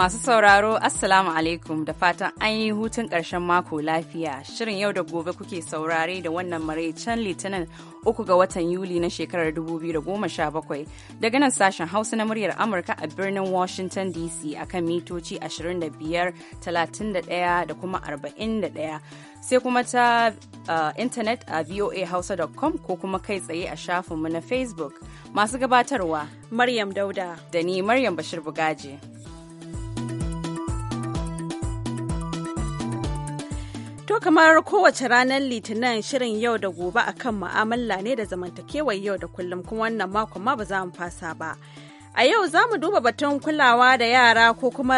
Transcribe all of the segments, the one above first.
Masu sauraro, Assalamu alaikum da fatan an yi hutun ƙarshen mako lafiya. Shirin yau da gobe kuke saurare da wannan maraicen Litinin uku ga watan Yuli na shekarar 2017 daga nan sashen Hausa na muryar Amurka a birnin Washington DC a kan mitoci 25, 31 da kuma 41. Sai kuma ta uh, intanet a voahausa.com ko kuma kai tsaye a shafinmu na Facebook. Masu gabatarwa, Maryam Dauda. Da ni Maryam Bashir Bugaje. To kamar kowace ranar litinin shirin yau da gobe a kan mu'amala ne da zamantakewar yau da kullum kuma wannan makon ma ba za mu fasa ba. A yau za mu duba batun kulawa da yara ko kuma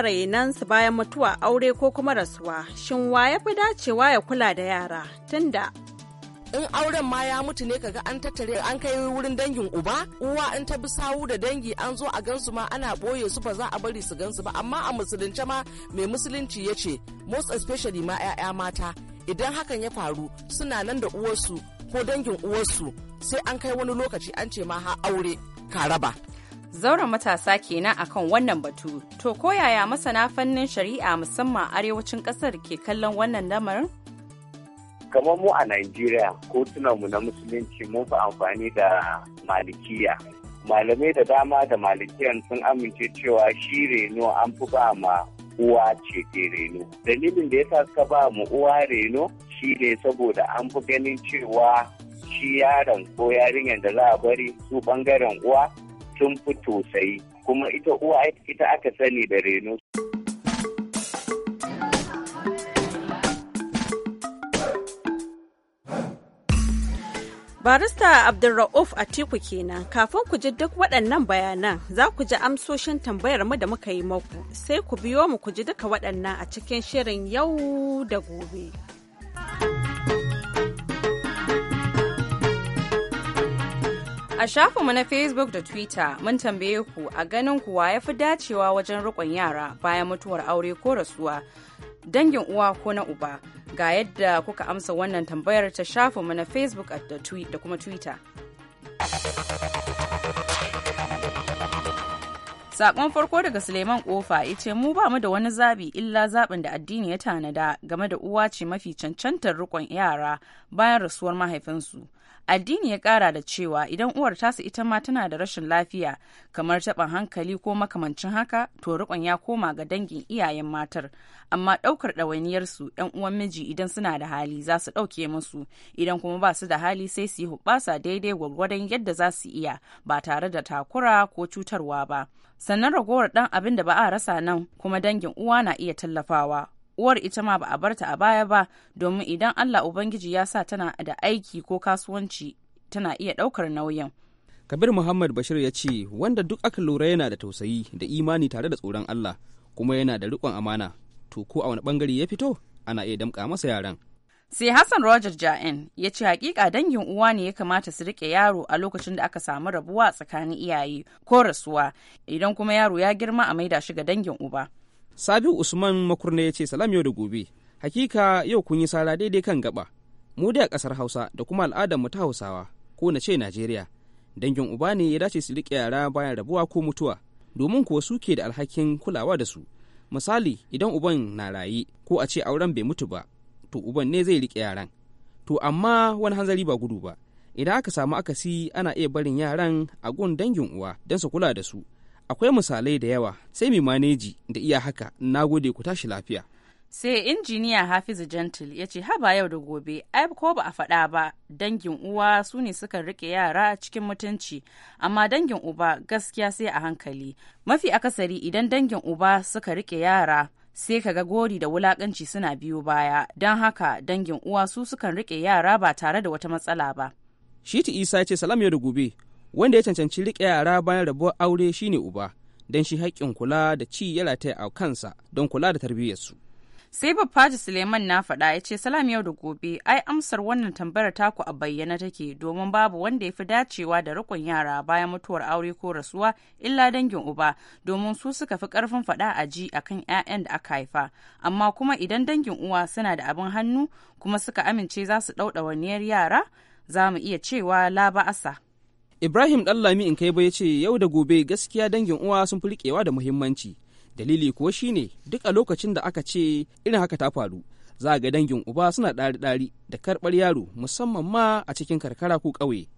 su bayan mutuwa aure ko kuma rasuwa. Shin wa ya fi dacewa ya kula da yara tunda in auren ma ya mutu ne kaga an tattare an kai wurin dangin uba uwa in ta bi sawu da dangi an zo a gansu ma ana boye su ba za a bari su gansu ba amma a musulunce ma mai musulunci ya ce most especially ma 'ya'ya mata idan hakan ya faru suna nan da uwarsu ko dangin uwarsu sai an kai wani lokaci an ce ma ha aure karaba. zauren matasa kenan akan wannan batu to koyaya masana fannin shari'a musamman arewacin kasar ke kallon wannan lamarin kamar mu a Najeriya mu na musulunci mun fi amfani da malikiya malamai da dama da malikiyan sun amince cewa shi reno an fi ba ma uwa ce ke reno dalilin da ya sa suka ba mu uwa reno shi ne saboda an fi ganin cewa shi yaron ko yarinyar da za a bari su bangaren uwa sun fi tosai kuma ita uwa ita aka sani da reno. Barista Abdulra'uf Atiku kenan kafin ku ji duk waɗannan bayanan za ku ji amsoshin tambayar mu da muka yi maku sai ku biyo mu ku ji duka waɗannan a cikin shirin yau da gobe. A shafinmu na Facebook da Twitter mun tambaye ku a ganin kuwa ya fi dacewa wajen riƙon yara bayan mutuwar aure ko rasuwa. dangin uwa ko na uba ga yadda kuka amsa wannan tambayar ta shafinmu na facebook da kuma twitter Sakon farko daga Suleiman Kofa ya ce mu ba mu da wani zabi illa zaɓin da addini ya tanada game da uwa ce mafi cancantar rikon yara bayan rasuwar mahaifinsu. addini ya kara da cewa idan uwar tasu ita ma tana da rashin lafiya kamar taɓin hankali ko makamancin haka to riƙon ya koma ga dangin iyayen matar amma ɗaukar ɗawainiyarsu yan uwan miji idan suna da hali za su ɗauke musu idan kuma ba su da hali sai su yi hubbasa daidai gwargwadon yadda za su iya ba tare da takura ko cutarwa ba sannan ragowar ɗan abin da ba a rasa nan kuma dangin uwa na iya tallafawa uwar ita ma ba a barta a baya ba domin idan Allah Ubangiji ya sa tana da aiki ko kasuwanci tana iya ɗaukar nauyin. Kabir Muhammad Bashir ya ce wanda duk aka lura yana da tausayi da imani tare da tsoron Allah kuma yana da riƙon amana to ko a wani ɓangare ya fito ana iya damƙa masa yaran. sai hassan roger ja'in ya ce hakika dangin uwa ne ya kamata su rike yaro a lokacin da aka samu rabuwa tsakanin iyaye ko rasuwa idan kuma yaro ya girma a maida shi ga dangin uba Sabiu Usman makurna ya ce salam yau da gobe. Hakika yau kun yi sara daidai kan gaba. Mu da ƙasar Hausa da kuma al'adar mu ta Hausawa ko na ce Najeriya. Dangin uba ne ya dace su riƙe yara bayan rabuwa ko mutuwa domin kuwa su ke da alhakin kulawa da su. Misali idan uban na raye ko a ce auren bai mutu ba to uban ne zai riƙe yaran. To amma wani hanzari ba gudu ba. Idan aka samu akasi ana iya barin yaran a gun dangin uwa don su kula da su akwai misalai da yawa sai mai maneji da iya haka na gode ku tashi lafiya sai injiniya hafizu gentil ya ce haba yau da gobe ai ko ba a faɗa ba dangin uwa su ne suka rike yara cikin mutunci amma dangin uba gaskiya sai a hankali mafi akasari idan dangin uba suka riƙe yara sai ka ga gori da wulakanci suna biyo baya don haka dangin uwa su sukan riƙe yara ba tare da wata matsala ba shiti isa ce salam yau da gobe wanda ya cancanci riƙe yara bayan rabuwar aure shine uba don shi haƙƙin kula da ci ya a kansa don kula da tarbiyyarsu. sai babbaji suleiman na faɗa ya ce salam yau da gobe ai amsar wannan tambayar taku a bayyana take domin babu wanda ya fi dacewa da rikon yara bayan mutuwar aure ko rasuwa illa dangin uba domin su suka fi ƙarfin faɗa a ji akan 'ya'yan da aka haifa amma kuma idan dangin uwa suna da abin hannu kuma suka amince za su ɗauɗa yara za mu iya cewa laba asa Ibrahim Ɗallami in kai ya ce yau da gobe gaskiya dangin uwa sun fi riƙewa da muhimmanci. Dalili kuwa shine duk a lokacin da aka ce irin haka ta faru. Za ga dangin uba suna ɗari-ɗari da karɓar yaro musamman ma a cikin karkara ko ƙauye.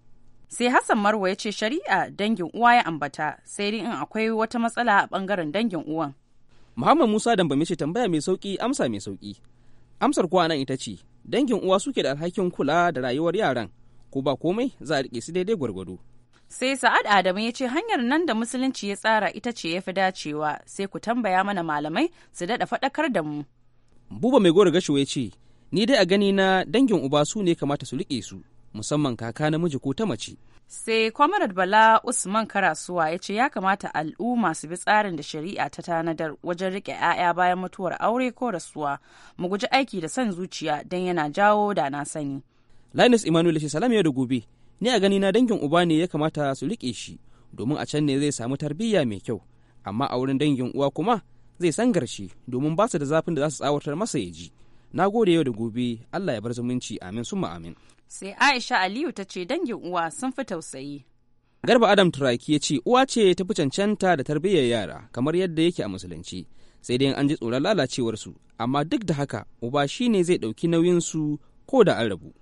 Sai Hassan Marwa ya ce shari'a dangin uwa ya ambata sai dai in akwai wata matsala a ɓangaren dangin uwan. Muhammad Musa Dambame ce tambaya mai sauki amsa mai sauƙi Amsar kuwa nan ita ce dangin uwa suke da alhakin kula da rayuwar yaran ko ba komai za a riƙe su daidai gwargwado. sai sa'ad adamu ya ce hanyar nan da musulunci ya tsara ita ce ya fi dacewa sai ku tambaya mana malamai su daɗa faɗakar da mu buba mai goro gasho ya ce ni dai a gani na dangin uba su ne kamata su riƙe su musamman kaka namiji ko ta mace sai kwamarad bala usman karasuwa ya ce ya kamata al'umma su bi tsarin da shari'a ta tanadar wajen riƙe 'ya'ya bayan mutuwar aure ko rasuwa mu guji aiki da son zuciya don yana jawo da na sani linus emmanuel shi salam yau da gobe ni a gani na dangin uba ne ya kamata su riƙe shi domin a can ne zai samu tarbiyya mai kyau amma a wurin dangin uwa kuma zai san garshe domin ba su da zafin da za su tsawatar masa ya ji na gode yau da gobe allah ya bar zumunci amin summa amin sai aisha aliyu ta ce dangin uwa sun fi tausayi garba adam turaki ya ce uwa ce ta fi cancanta da tarbiyyar yara kamar yadda yake a musulunci sai dai an ji tsoron lalacewarsu amma duk da haka uba shine zai ɗauki nauyinsu ko da an rabu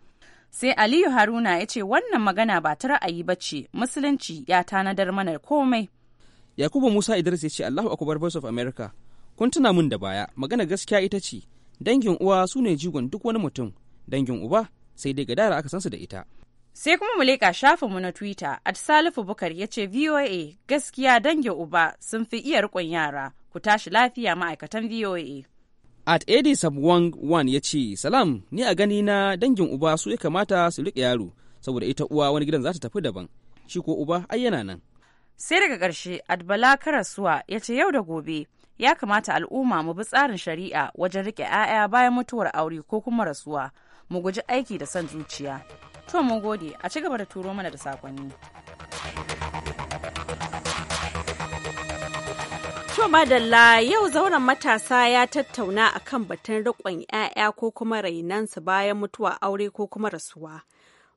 sai aliyu haruna ya ce wannan magana ba ta ra'ayi ba ce musulunci ya tanadar mana komai yakubu musa idris ya ce allahu akbar voice of america kun tuna mun da baya magana gaskiya ita ce dangin uwa su ne jigon duk wani mutum dangin uba sai dai gadara aka sansu da ita sai kuma mu leƙa mu na twitter at salifu bukar ya ce voa gaskiya dangin uba sun fi iya riƙon yara ku tashi lafiya ma'aikatan voa At Edisab Wang Wan ya ce, Salam, ni a gani na dangin uba su ya kamata su riƙe yaro, saboda ita uwa wani gidan za ta tafi daban, shi ko uba ai yana nan. Sai daga ƙarshe, Adbala Karasuwa ya ce yau da gobe, ya kamata al'umma mu bi tsarin shari'a wajen riƙe 'ya'ya bayan mutuwar aure ko kuma rasuwa, mu guji aiki da son zuciya. To mun gode, a ci gaba da turo mana da sakonni. To madalla yau zauren matasa ya tattauna a kan batun riƙon 'ya'ya ko kuma rainansu bayan mutuwa aure ko kuma rasuwa.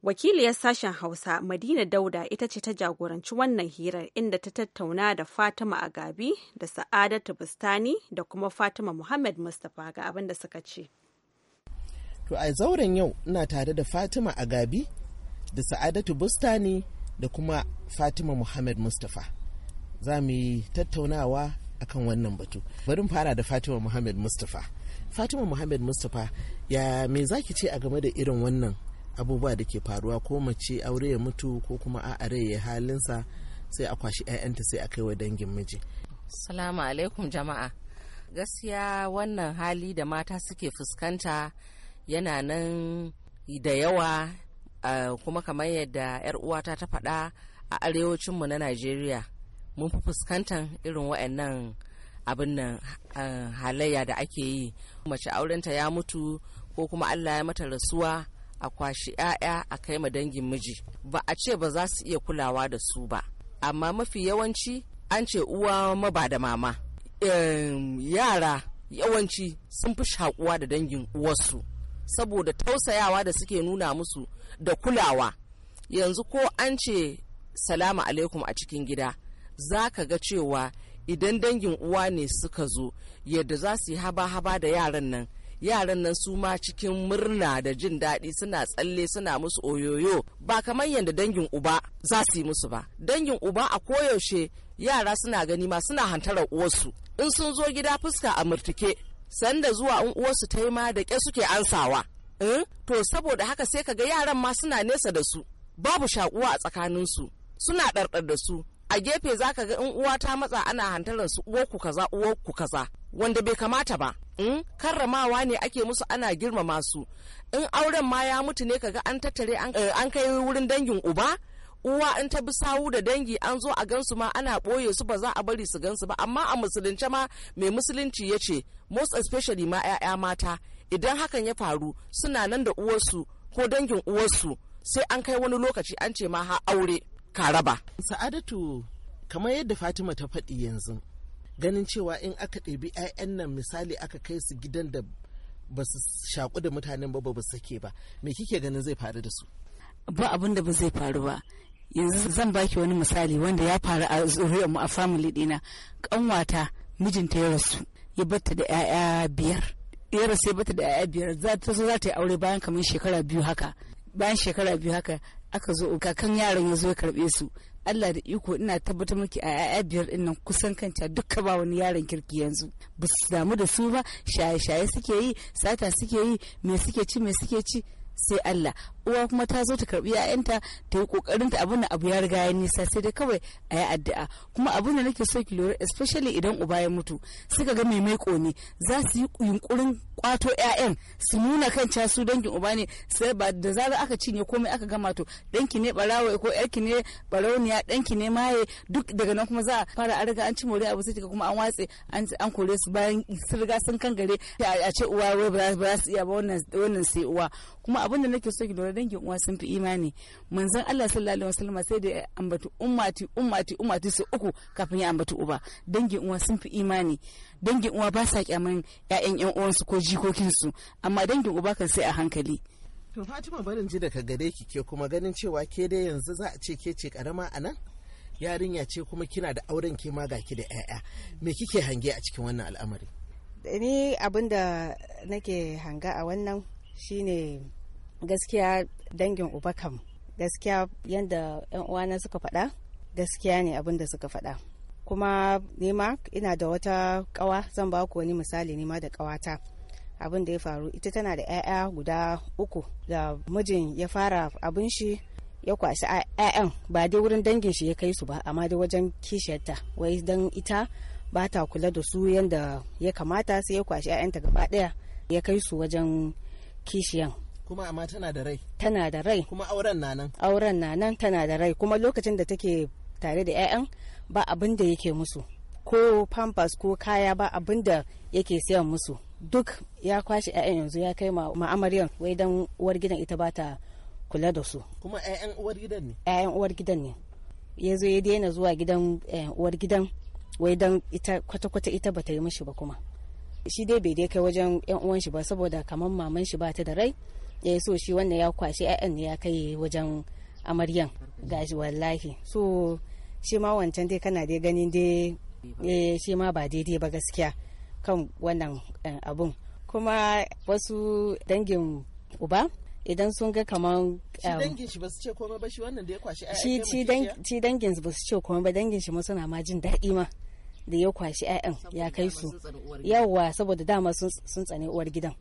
Wakiliyar sashen Hausa Madina Dauda ita ce ta jagoranci wannan hirar inda ta tattauna da Fatima Agabi da Sa'adatu Bustani da kuma Fatima Muhammad Mustapha ga abin da suka ce. To a zauren yau ina tare da Fatima Agabi da Sa'adatu Bustani da kuma Fatima Muhammad Mustapha. Za mu yi tattaunawa akan wannan batu bari fara da fatima muhammad mustapha fatima muhammad mustapha ya me zaki ce a game da irin wannan abubuwa da ke faruwa ko mace aure ya mutu ko kuma a are ya halinsa sai a kwashi 'ya'yanta sai a kai wa dangin miji salamu alaikum jama'a gaskiya wannan hali da mata suke fuskanta yana nan da yawa ah, kuma kamar yadda 'yar uwata ta faɗa a arewacinmu na najeriya mun fi fuskantar irin wa'annan abin nan eh, halayya da ake yi mace aurenta ya mutu ko kuma allah ya mata rasuwa a kwashi 'ya'ya a kai ma dangin miji ba a ce ba za su iya kulawa da su ba amma mafi yawanci an ce uwa maba da mama yara yawanci sun fi shakuwa da dangin uwarsu saboda tausayawa da suke nuna musu da kulawa yanzu ko an ce salamu alaikum a cikin gida za ka ga cewa idan dangin uwa ne suka zo yadda za su yi haba-haba da yaran nan yaran nan su ma cikin murna da jin daɗi suna tsalle suna musu oyoyo ba kamar yadda dangin uba za su yi musu ba dangin uba a koyaushe yara suna gani ma suna hantarar uwarsu in sun zo gida fuska a murtuke sanda zuwa in uwarsu ta yi ma da ƙe suke ansawa in eh? to saboda haka sai ka ga yaran ma suna nesa da su babu shakuwa a tsakaninsu suna ɗarɗar da su a gefe za ka ga in uwa ta matsa ana hantarar su uwarku kaza uwarku kaza wanda bai kamata ba in hmm? karramawa ne ake musu ana girmama su in auren ma ya mutu ne kaga an tattare eh, an kai wurin dangin uba uwa in ta bi sawu da dangi an zo a gansu ma ana ɓoye su ba za a bari su gansu ba amma a musulunce ma mai musulunci ya ce most especially ma 'ya'ya mata idan hakan ya faru suna nan da uwarsu ko dangin uwarsu sai an kai wani lokaci an ce ma ha aure karaba. sa'adatu kamar yadda fatima ta faɗi yanzu ganin cewa in aka ɗabi 'ya'yan nan misali aka kai su gidan da ba su shaƙu da mutanen ba ba sake ba me kike ganin zai faru da su ba abin da ba zai faru ba yanzu zan baki wani misali wanda ya faru a zuriyar mu a family dina kanwata mijinta ya rasu ya batta da 'ya'ya biyar ya rasu ya batta da 'ya'ya biyar za ta so za ta yi aure bayan kamar shekara biyu haka bayan shekara biyu haka aka zo kakan yaron ya zo ya karbe su Allah da iko ina tabbatar miki a yaya biyar din nan kusan kanta duka ba wani yaron kirki yanzu ba su damu da su ba shaye-shaye suke yi sata suke yi me suke ci me suke ci sai Allah uwa kuma ta zo ta karbi yayanta ta yi kokarin ta abin abu ya riga ya nisa sai dai kawai a yi addu'a kuma abin da nake so ki lura especially idan uba ya mutu suka ga mai mai ne za su yi yunkurin kwato 'ya'yan su nuna kan casu su dangin uba ne sai ba da zarar aka cinye komai aka gama to danki ne barawo ko yarki ne barauniya danki ne maye duk daga nan kuma za a fara an riga an ci moriya abu sai kuma an watse an kore su bayan sun riga sun kan gare a ce uwa wai ba za su iya ba wannan sai uwa kuma abin da nake so ki dora dangin uwa sun fi imani manzon Allah sallallahu alaihi wasallam sai da ambatu ummati ummati ummati su uku kafin ya ambatu uba dangin uwa sun fi imani dangin uwa ba sa kyaman ƴaƴan ƴan uwansu ko jikokinsu amma dangin uba kan sai a hankali to fatima barin ji daga gare ki ke kuma ganin cewa ke dai yanzu za a ce ke ce karama a nan yarinya ce kuma kina da auren ke ma ga ki da 'ya'ya me kike hange a cikin wannan al'amari ni abin da nake hanga a wannan shine gaskiya dangin uba kam gaskiya yadda 'yan uwana suka faɗa gaskiya ne abin da suka faɗa kuma nema ina da wata kawa zan ba ku wani misali nema da kawata abin da ya faru ita tana da 'ya'ya guda uku da mijin ya fara abin shi ya kwasi 'ya'yan ba dai wurin dangin shi ya kai su ba amma dai wajen kishiyarta wai dan ita ba ta kula da su yadda ya kamata sai ya kwashi 'ya'yanta gaba daya ya kai su wajen kishiyan kuma amma tana da rai tana da rai kuma auren na nan auren na nan tana da rai kuma lokacin da take tare da 'ya'yan ba abin da yake musu ko pampers ko kaya ba abin da yake siyan musu duk ya kwashe 'ya'yan yanzu ya kai ma amaryan wai dan uwar gidan ita ba ta kula da su kuma 'ya'yan uwar gidan ne 'ya'yan uwar gidan ne ya zo ya daina zuwa gidan eh, uwar gidan wai dan ita kwata-kwata ita ba ta yi mashi ba kuma shi dai bai dai kai wajen 'yan uwan shi ba saboda kamar maman shi ba ta da rai ya so shi wannan ya kwashe 'ya'yan ne ya kai wajen amaryan gashi wallahi so shi ma wancan dai kana dai ganin dai eh, shi ma ba daidai ba gaskiya kan wannan eh, abun kuma wasu dangin uba idan sun ga kaman shi eh, dangin shi ba su ce komai ba shi wannan da ya kwashi shi shi dangin ba su ce ba dangin shi ma suna ma jin daɗi ma da ya kwashi 'ya'yan ya kai su yawa saboda dama sun tsane uwar gidan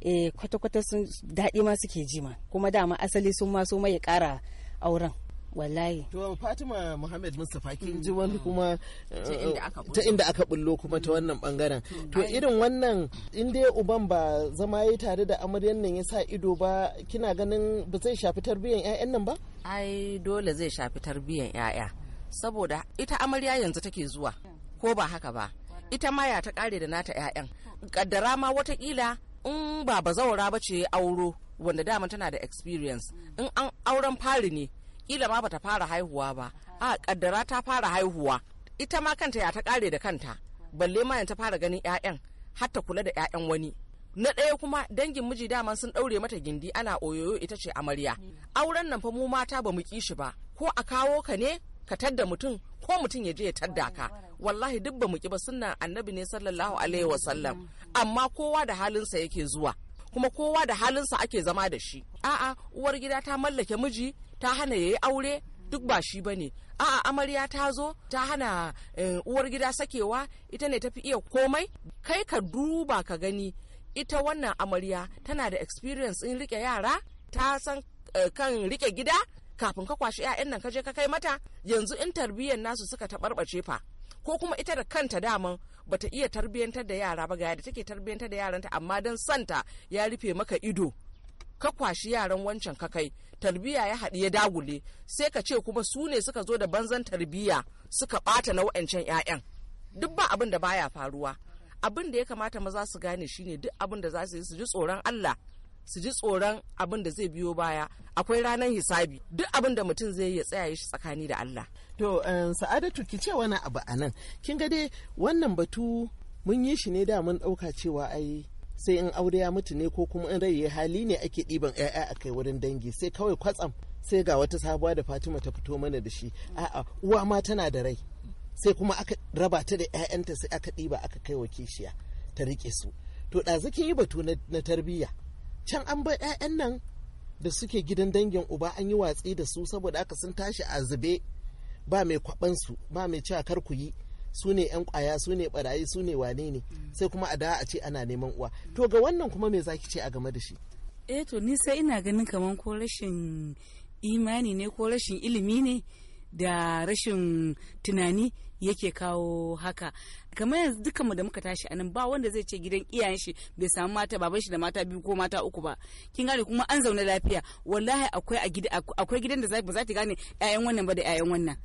eh kwata-kwata sun daɗi ma suke ji ma kuma dama asali sun ma so mai ƙara auren wallahi to fatima muhammad mustapha kin ji mm. wani kuma ta eh, inda aka bullo kuma ta wannan bangaren mm. to irin wannan in dai uban ba zama yayi tare da amaryan nan ya sa ido ba kina ganin ba zai shafi tarbiyyar 'ya'yan nan ba ai dole zai shafi tarbiyyar 'ya'ya saboda ita amarya yanzu take zuwa ko ba haka ba ita ma ya ta kare da nata 'ya'yan kaddara ma watakila in ba bazawara ba ce auro wanda dama tana da experience in an auren fari ne kila ma bata fara haihuwa ba a kaddara ta fara haihuwa ita ma kanta ya ta kare da kanta balle ma ta fara ganin 'ya'yan har ta kula da 'ya'yan wani na ɗaya kuma dangin miji dama sun ɗaure mata gindi ana oyoyo ita ce amarya auren nan fa mu mata ba mu ki shi ba ko a kawo ka ne ka tadda mutum ko mutum ya je ya tadda ka wallahi duk ba mu ki ba sunnan annabi ne sallallahu alaihi wasallam amma kowa da halinsa yake zuwa kuma kowa da halinsa ake zama da shi a'a uwar gida ta mallake miji ta hana ya yi aure duk ba shi ba bane a'a amarya ta zo ta hana eh, uwar gida sakewa ita ne tafi iya komai kai ka duba ka gani ita wannan amarya tana da experience in rike yara ta san eh, kan rike gida kafin ka kwashi 'ya'yan nan kaje ka kai mata yanzu in tarbiyyar nasu suka taɓarɓace fa ko kuma ita da kanta daman bata iya tarbiyyantar da yara ba ga yadda take tarbiyyantar da yaranta amma don santa ya rufe maka ido ka kwashi yaran wancan ka kai tarbiyya ya haɗu ya dagule sai ka ce kuma su ne suka zo da banzan tarbiyya suka ɓata na wa'ancan 'ya'yan duk ba abin da baya faruwa abin da ya kamata maza su gane shine duk abin da za su yi su ji tsoron Allah su ji tsoron abin da zai biyo baya akwai ranar hisabi duk abin da mutum zai ya tsaya shi tsakani da Allah to eh, sa'adatu ki ce wani abu anan kin ga dai wannan batu mun yi shi ne da mun ɗauka cewa ai sai in aure ya mutu ne ko kuma in rai ya hali ne ake ɗiban 'ya'ya a kai wurin dangi sai kawai kwatsam sai ga wata sabuwa da fatima ta fito mana da shi a'a uwa ma tana da rai sai kuma aka raba ta da 'ya'yanta sai aka ɗiba aka kai wa kishiya ta riƙe su to ɗazikin yi batu na tarbiyya can an bar 'ya'yan nan da suke gidan dangin uba an yi watsi da su saboda aka sun tashi a zube ba mai kwaɓansu, ba mai cewa kar ku yi su ne yan kwaya su ne barayi su ne wane ne mm. sai kuma a da a ce ana neman uwa to ga wannan kuma me zaki ce a game da shi eh to ni sai ina ganin kaman ko rashin imani ne ko rashin ilimi ne da rashin tunani yake kawo haka kamar yanzu dukkan mu da muka tashi anan ba wanda zai ce gidan iyayen shi bai samu mata baban shi da mata biyu ko mata uku ba kin gane kuma an zauna lafiya wallahi akwai a gida akwai gidan da ba za ta gane ƴaƴan wannan ba da 'ya'yan wannan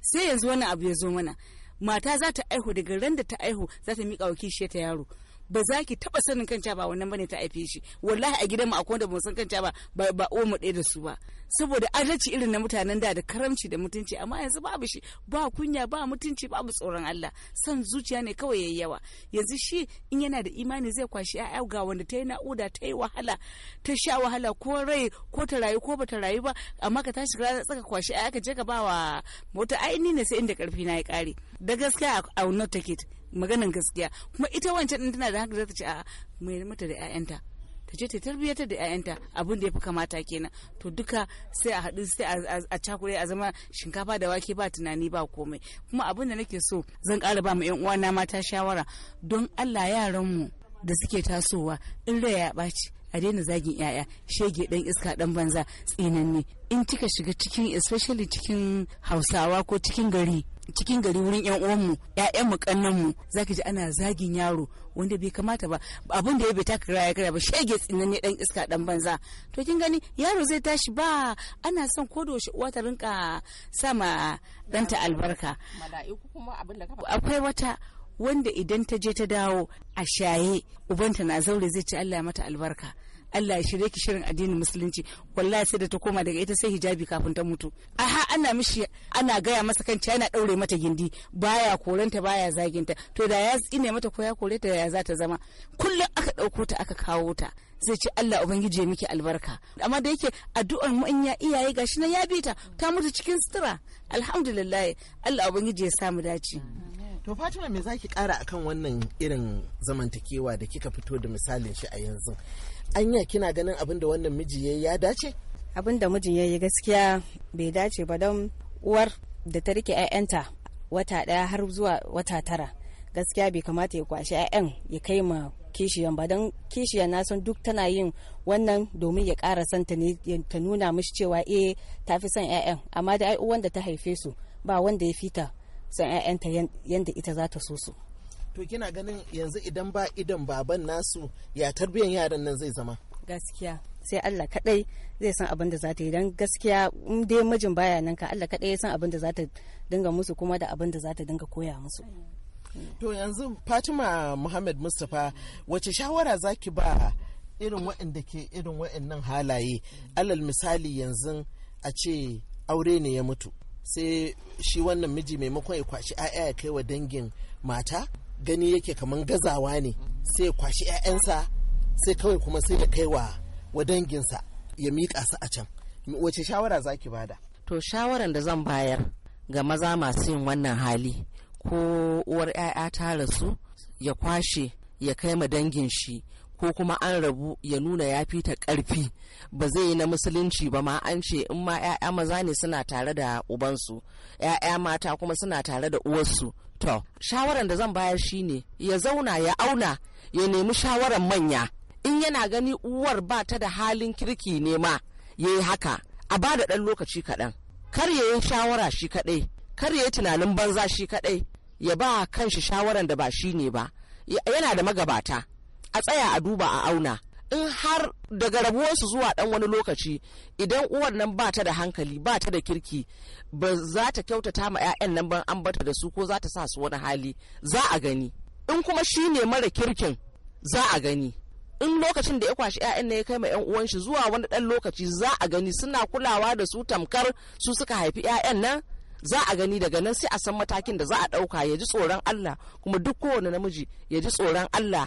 sai yanzu wannan abu ya zo mana mata za ta aihu daga ran da ta aihu za ta miƙa wa kishiyar ta yaro ba za ki taba sanin kanta ba wannan bane ta haife shi wallahi a gidanmu akwai wanda ba san kanta ba ba uwan mu ɗaya da su ba saboda adalci irin na mutanen da da karamci da mutunci amma yanzu babu shi ba kunya ba mutunci babu tsoron Allah san zuciya ne kawai yayi yawa yanzu shi in yana da imani zai kwashi ya'ya ga wanda ta yi na'uda ta yi wahala ta sha wahala ko rai ko ta rayu ko ba ta rayu ba amma ka tashi ka tsaka kwashi ya'ya ka je ka ba wa mota ai ni ne sai inda karfi na ya kare da gaskiya a not take it maganin gaskiya kuma ita wancan din tana da haka za ta ce a mai mata da 'ya'yanta ta ce ta tarbiyyata da 'ya'yanta abin da ya fi kamata kenan to duka sai a haɗu sai a cakure a zama shinkafa da wake ba tunani ba komai kuma abin da nake so zan ƙara ba ma 'yan uwana mata shawara don allah yaran mu da suke tasowa in rai ya ɓaci a daina zagin 'ya'ya shege dan iska dan banza tsinanne in kika shiga cikin especially cikin hausawa ko cikin gari cikin gari wurin yan uwanmu yayan mu kannan mu zaki ji ana zagin yaro wanda bai kamata ba abun da ya bai taka raya gara ba shege tsinan ne dan iska dan banza to kin gani yaro zai tashi ba ana son ko doshi uwa ta rinka sama danta albarka mala'iku kuma abin da akwai wata wanda idan ta je ta dawo a shaye ubanta na zaure zai ci Allah mata albarka Allah ya shirye ki shirin addinin musulunci wallahi sai da ta koma daga ita sai hijabi kafin ta mutu aha ana mishi ana gaya masa kan yana daure mata gindi baya koranta baya zaginta to da ya tsine mata ko ya kore ta ya za ta zama kullum aka dauko ta aka kawo ta zai ci Allah ubangiji ya miki albarka amma da yake addu'ar ya iyaye gashi na ya bi ta ta mutu cikin sutura alhamdulillah Allah ubangiji ya sa mu dace To Fatima me zaki kara akan wannan irin zamantakewa da kika fito da misalin shi a yanzu? Anya kina ganin abin da wannan miji yayi ya dace? Abin da mijin yayi gaskiya bai dace ba don uwar da ta rike 'ya'yanta wata ɗaya har zuwa wata tara. Gaskiya bai kamata ya kwashi 'ya'yan ya kai ma kishiyan ba don kishiyan na san duk tana yin wannan domin ya kara son ta ta nuna mishi cewa eh ta fi son 'ya'yan amma da ai uwan da ta haife su ba wanda ya fita san 'ya'yanta yadda ita za ta so su to kina ganin yanzu idan ba idan baban nasu ya tarbiyan yaran nan zai zama gaskiya sai Allah kadai zai san abin da za ta yi don gaskiya in dai mijin baya nan ka Allah kadai ya san abin da za ta dinga musu kuma da abin da za ta dinga koya musu to yanzu Fatima Muhammad Mustapha wace shawara za ki ba irin waɗanda ke irin waɗannan halaye alal misali yanzu a ce aure ne ya mutu sai shi wannan miji maimakon ya kwashi 'ya'ya ya kai wa dangin mata gani yake kaman gazawa ne sai ya kwashi 'ya'yansa sai kawai kuma sai ya kai wa danginsa ya miƙa su a can wace shawara za ki bada to shawaran da zan bayar ga maza masu yin wannan hali ko uwar 'ya'ya ta rasu ya kwashe ya kai ma dangin shi ko kuma an rabu ya nuna ya fi ta ƙarfi ba zai yi na musulunci ba ma an ce in ma 'ya'ya maza ne suna tare da ubansu 'ya'ya mata kuma suna tare da uwarsu to shawaran da zan bayar shi ne ya zauna ya auna ya nemi shawaran manya in yana gani uwar ba ta da halin kirki ne ma ya yi haka a ba da ɗan lokaci kaɗan kar ya yi shawara shi kaɗai kar ya yi tunanin banza shi kaɗai ya ba kanshi shawaran da ba shi ne ba yana da magabata a tsaya a duba a auna in har daga rabuwarsu zuwa dan wani lokaci idan uwar nan ba ta da hankali ba ta da kirki ba za ta kyautata ma 'ya'yan nan ban bata da su ko za ta sa su wani hali za a gani in kuma shi ne mara kirkin za a gani in lokacin da ya kwashi 'ya'yan nan ya kai ma 'yan uwan shi zuwa wani dan lokaci za a gani suna kulawa da su tamkar su suka haifi 'ya'yan nan za a gani daga nan sai a san matakin da za a dauka ya ji tsoron Allah kuma duk kowane namiji ya ji tsoron Allah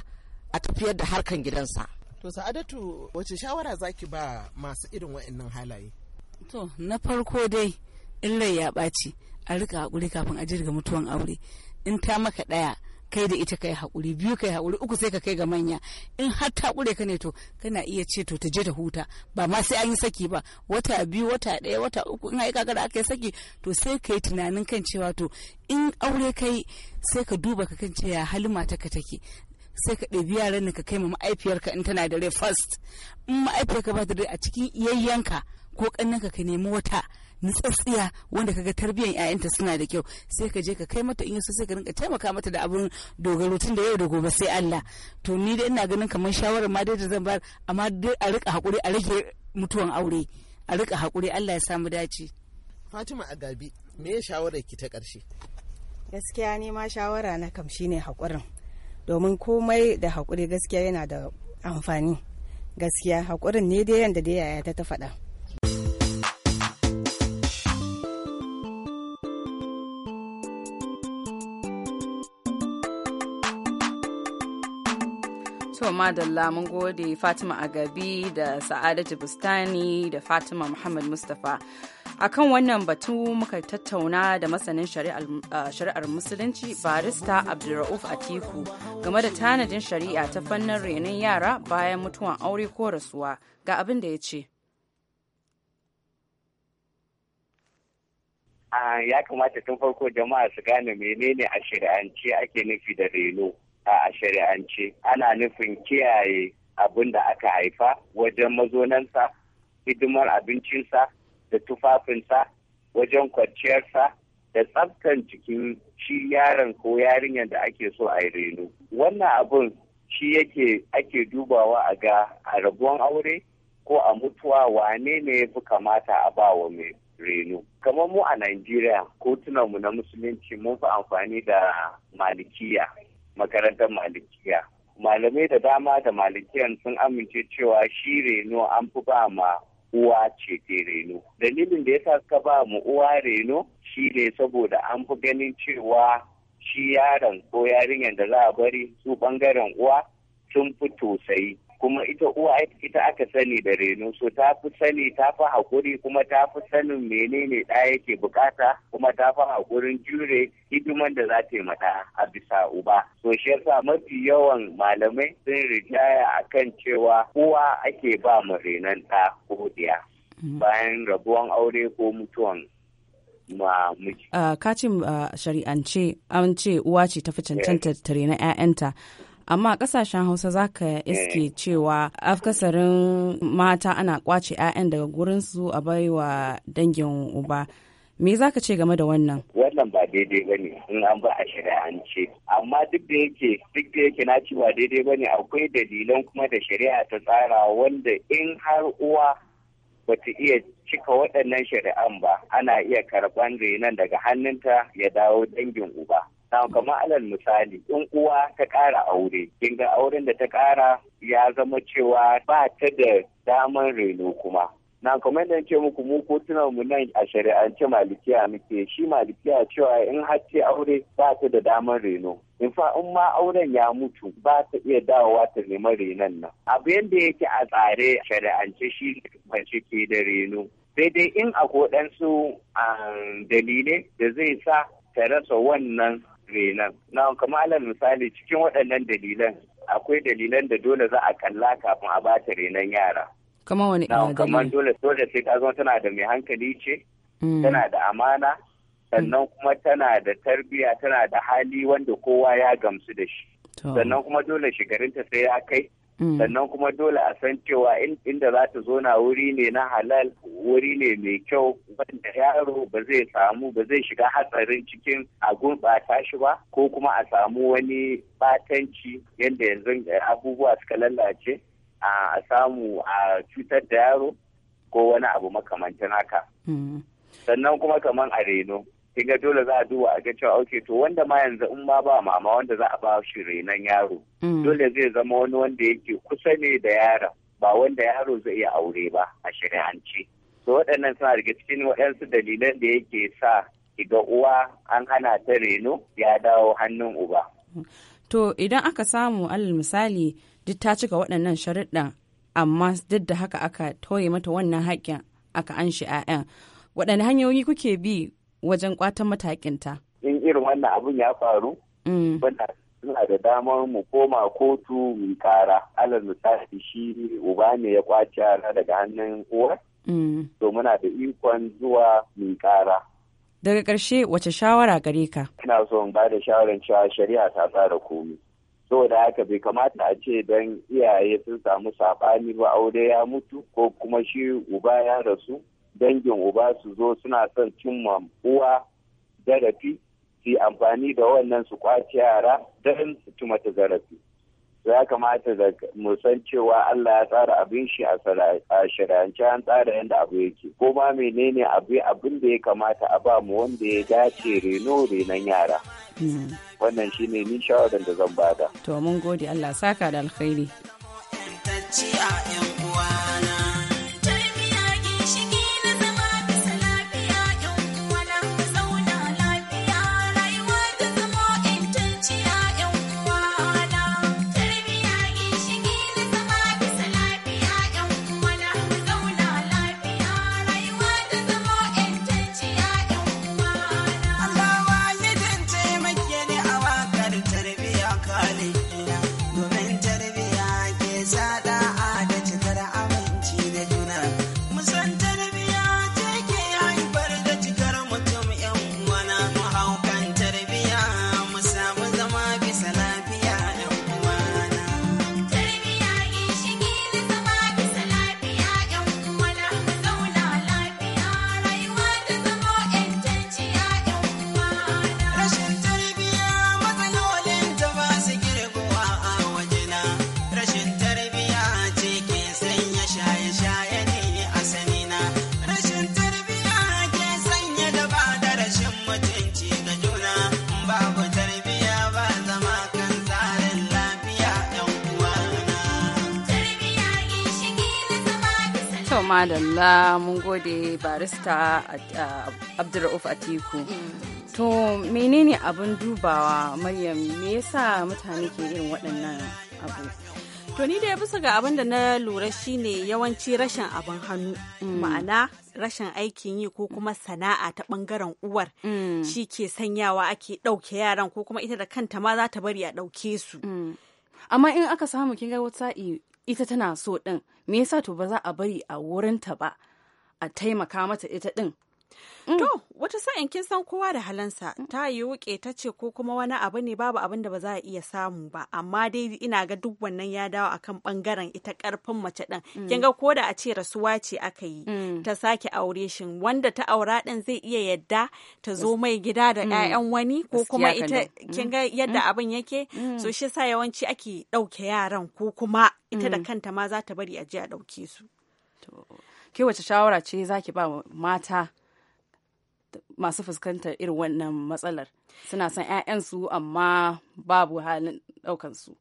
a tafiyar da harkan gidansa. To sa'adatu wace shawara zaki ba masu irin wa'annan halaye? To na farko dai in ya ɓaci a rika haƙuri kafin a jirga mutuwan aure in ta maka ɗaya kai da ita kai haƙuri biyu kai haƙuri uku sai ka kai ga manya in har ta ƙure ka ne to kana iya ce to ta je ta huta ba ma sai an yi saki ba wata biyu wata ɗaya wata uku in ka da aka yi saki to sai ka yi tunanin kan cewa to in aure kai sai ka duba ka kan ce halima halin ka take sai ka ɗabi yaran ka kai ma ma'aifiyarka in tana da rai first in ma'aifiyarka ba ta da a cikin iyayyanka ko ƙannanka ka nemi wata nutsatsiya wanda kaga tarbiyyar ƴaƴanta suna da kyau sai ka je ka kai mata in yaso sai ka rinka taimaka mata da abun dogaro tun da yau da gobe sai Allah to ni dai ina ganin kamar shawarar ma dai da zan bayar amma dai a rika hakuri a rage mutuwan aure a rika hakuri Allah ya samu dace Fatima Agabi me shawarar ki ta ƙarshe gaskiya ne ma shawara na kam shine hakurin domin komai da haƙuri gaskiya yana da amfani gaskiya haƙurin ne dai yadda dai yaya ta ta faɗa. To madalla mun gode Fatima Agabi da Sa'adatu Bustani da Fatima Muhammad Mustapha. akan wannan batu muka tattauna da masanin ah, shari'ar musulunci barista abdulrauf atiku game da tanadin shari'a ta fannin renon yara bayan mutuwan aure ko rasuwa ga abin da ya ce ah, ya kamata tun farko jama'a su gane menene a shari'ance ake nufi da reno ah, a shari'ance ana nufin kiyaye abin da aka haifa wajen mazonansa hidimar abincinsa da tufafinsa wajen kwanciyarsa da tsaftan jikin shi yaron ko yarinyar da ake so a reno wannan abun shi yake ake dubawa a ga a rabuwan aure ko a mutuwa wane ne ya fi kamata a ba wa mai reno kamar mu a Najeriya mu na musulunci mun fi amfani da malikiya makarantar malikiya malamai da dama da malikiyan sun amince cewa shi reno an fi ba ma uwa ce ke reno dalilin da yasa suka ba mu uwa reno ne saboda an fi ganin cewa shi yaron ko yarinyar da za a bari su ɓangaren uwa sun fi tosai. kuma ita uwa ita aka sani da reno so ta fi sani ta fi haƙuri kuma ta fi sanin menene ɗa yake bukata kuma ta fi haƙurin jure hidiman da za ta yi mata a bisa uba so shi yasa mafi yawan malamai sun rijaya kan cewa uwa ake ba mu renon ɗa ko diya bayan rabuwan aure ko mutuwan ma Uh, ah, kacin uh, ah, shari'ance an ce uwa ce ta fi cancanta yeah. ta rena 'ya'yanta amma kasashen hausa za ka iske eh. cewa afkasarin mata ana kwace 'ya'yan daga gurinsu a baiwa dangin uba me za ka ce game da wannan wannan ba daidai ba ne in an ba a shari'ance amma duk da yake duk da yake na ci ba daidai ba ne akwai dalilan kuma da shari'a ta tsara wanda in har uwa bata iya cika waɗannan shari'an ba ana iya karɓan renon daga hannunta ya dawo dangin uba Na kama alal misali in uwa ta ƙara aure, kin auren da ta ƙara ya zama cewa ba ta da daman reno kuma. Na kamar da ce muku mu kotunan mu nan a shari'ance malikiya muke shi malikiya cewa in har ce aure ba ta da daman reno. in fa in ma auren ya mutu ba ta iya dawowa ta nemi renon nan abu yadda yake a tsare shari'ance shi mace ke da reno sai dai in akwai ɗansu um, dalilai da zai sa ta rasa wannan renon. Na kuma alal misali cikin waɗannan dalilan akwai dalilan da dole za a kalla kafin a bata renon yara. Kama wani Na kamar dole dole sai ta zama tana da mai hankali ce, mm. tana da amana, mm. sannan kuma tana da tarbiyya tana da hali wanda kowa ya gamsu da shi. Sannan kuma dole shigarinta sai ya kai Mm. sannan kuma dole a san cewa inda za ta zo na wuri ne na halal wuri ne mai kyau wanda yaro ba zai samu ba zai shiga hatsarin cikin a gurɓata shi ba ko kuma a samu wani batanci yadda yanzu eh, abubuwa suka lalace a samu a cutar da yaro ko wani abu makamantan haka mm. sannan kuma kamar a reno kin dole za a duba a ga cewa ok to wanda ma yanzu in ma ba mama wanda za a ba shi renon yaro mm. dole zai zama wani wanda yake kusa ne da yaron ba wanda yaro zai iya aure ba a shari'ance to waɗannan suna daga cikin waɗansu dalilan da yake sa ga uwa an hana ta reno ya dawo hannun uba to idan aka samu alal misali duk ta cika waɗannan sharuɗa amma duk da haka aka toye mata wannan haƙƙin aka an shi 'ya'yan waɗanne hanyoyi kuke bi wajen kwatan matakinta. In irin wannan abun ya faru, suna mm. da damar mu koma kotu mu kara. Alal misali shi uba ne ya kwace yara daga hannun uwar. Mm. To muna da ikon zuwa mu kara. Daga ƙarshe wace shawara gare ka? Ina so in ba da shawarar cewa shari'a ta tsara komi. Saboda haka bai kamata a ce don iyaye sun samu saɓani ba aure ya mutu ko kuma shi uba ya rasu dangin uba su zo suna son cimma uwa zarafi su amfani da wannan su kwace yara don su ci mata zarafi ya kamata da mu san cewa Allah ya tsara abin shi a shari'ance an tsara yadda abu yake ko ma menene abu abin da ya kamata a ba mu wanda ya dace reno renon yara hmm. wannan shi ne ni shawarar da zan bada to mun gode Allah saka da alkhairi madalla mun gode barista abdulrauf atiku mm. to menene abin dubawa maryam me yasa mutane ke irin waɗannan abu to ni da bisa ga abin da na lura shine yawanci rashin abin hannu mm. ma'ana rashin aikin yi ko kuma sana'a ta bangaren uwar mm. shi ke sanyawa ake ɗauke yaran ko kuma ita da kanta ma za ta bari a ɗauke su amma in aka samu kinga wata ita tana so ɗin me yasa to ba za a bari a wurinta ba a taimaka mata ita ɗin To, mm. wata sa'in kin san kowa da halansa, mm. ta yi wuƙe ta ce ko kuma wani abu ne babu abin da ba za a iya samu ba, amma dai ina ga duk wannan ya dawo akan bangaren ita karfin mace ɗin. Mm. Kin ga ko da a ce rasuwa ce aka yi, ta sake aure shi wanda ta aura ɗin zai iya yadda ta zo mai gida da 'ya'yan wani ko kuma ita kin ga yadda abin yake, so shi sa yawanci ake ɗauke yaran ko kuma ita da kanta ma za ta bari a je a ɗauke su. ke wace shawara ce zaki ba mata masu fuskantar irin wannan matsalar suna son 'ya'yansu amma babu halin ɗaukansu.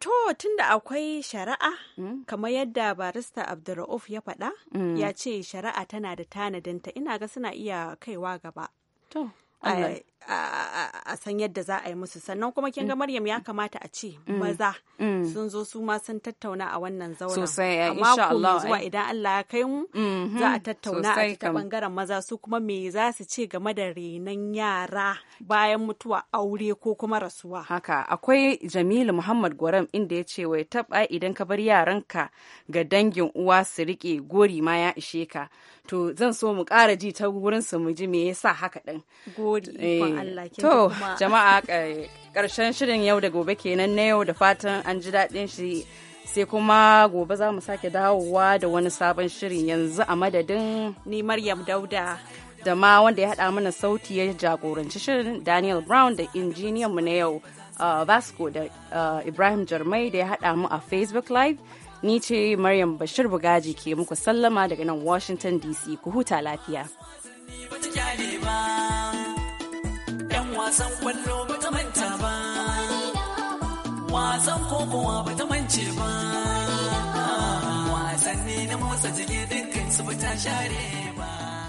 To tunda akwai shari'a mm. kamar yadda barista Abdulra'uf ya faɗa hmm. ya ce shari'a tana da tanadinta ina ga suna iya kaiwa gaba. To. a san yadda za a yi musu sannan kuma kin ga mm. Maryam ya kamata a ce mm. maza mm. sun zo su ma sun tattauna a wannan zauna sosai eh, insha Allah zuwa eh. idan Allah ya kai mu mm-hmm. za a tattauna a ta bangaren maza su kuma me za su ce game da renan yara bayan mutuwa aure ko kuma rasuwa haka akwai Jamilu Muhammad Gwaram inda ya ce wai taba idan ka bar yaranka ga dangin uwa su rike gori ma ya ishe ka to zan so mu ƙara ji ta wurin su mu ji me yasa haka din eh, to jama'a ƙarshen shirin yau da gobe kenan na yau da fatan an ji daɗin shi sai kuma gobe za mu sake dawowa da wani sabon shirin yanzu a madadin ni maryam dauda da ma wanda ya haɗa mana sauti ya jagoranci shirin daniel brown da injiniyan mu na yau uh, vasco da uh, ibrahim jarmai da ya haɗa mu a facebook live Ni ce Maryam Bashir Bugaji ke muku sallama daga nan Washington DC ku huta lafiya. Yan wasan kwallo wasan kokowa ba ta mance ba, wasanni na motsa jike dinkin su ta share ba.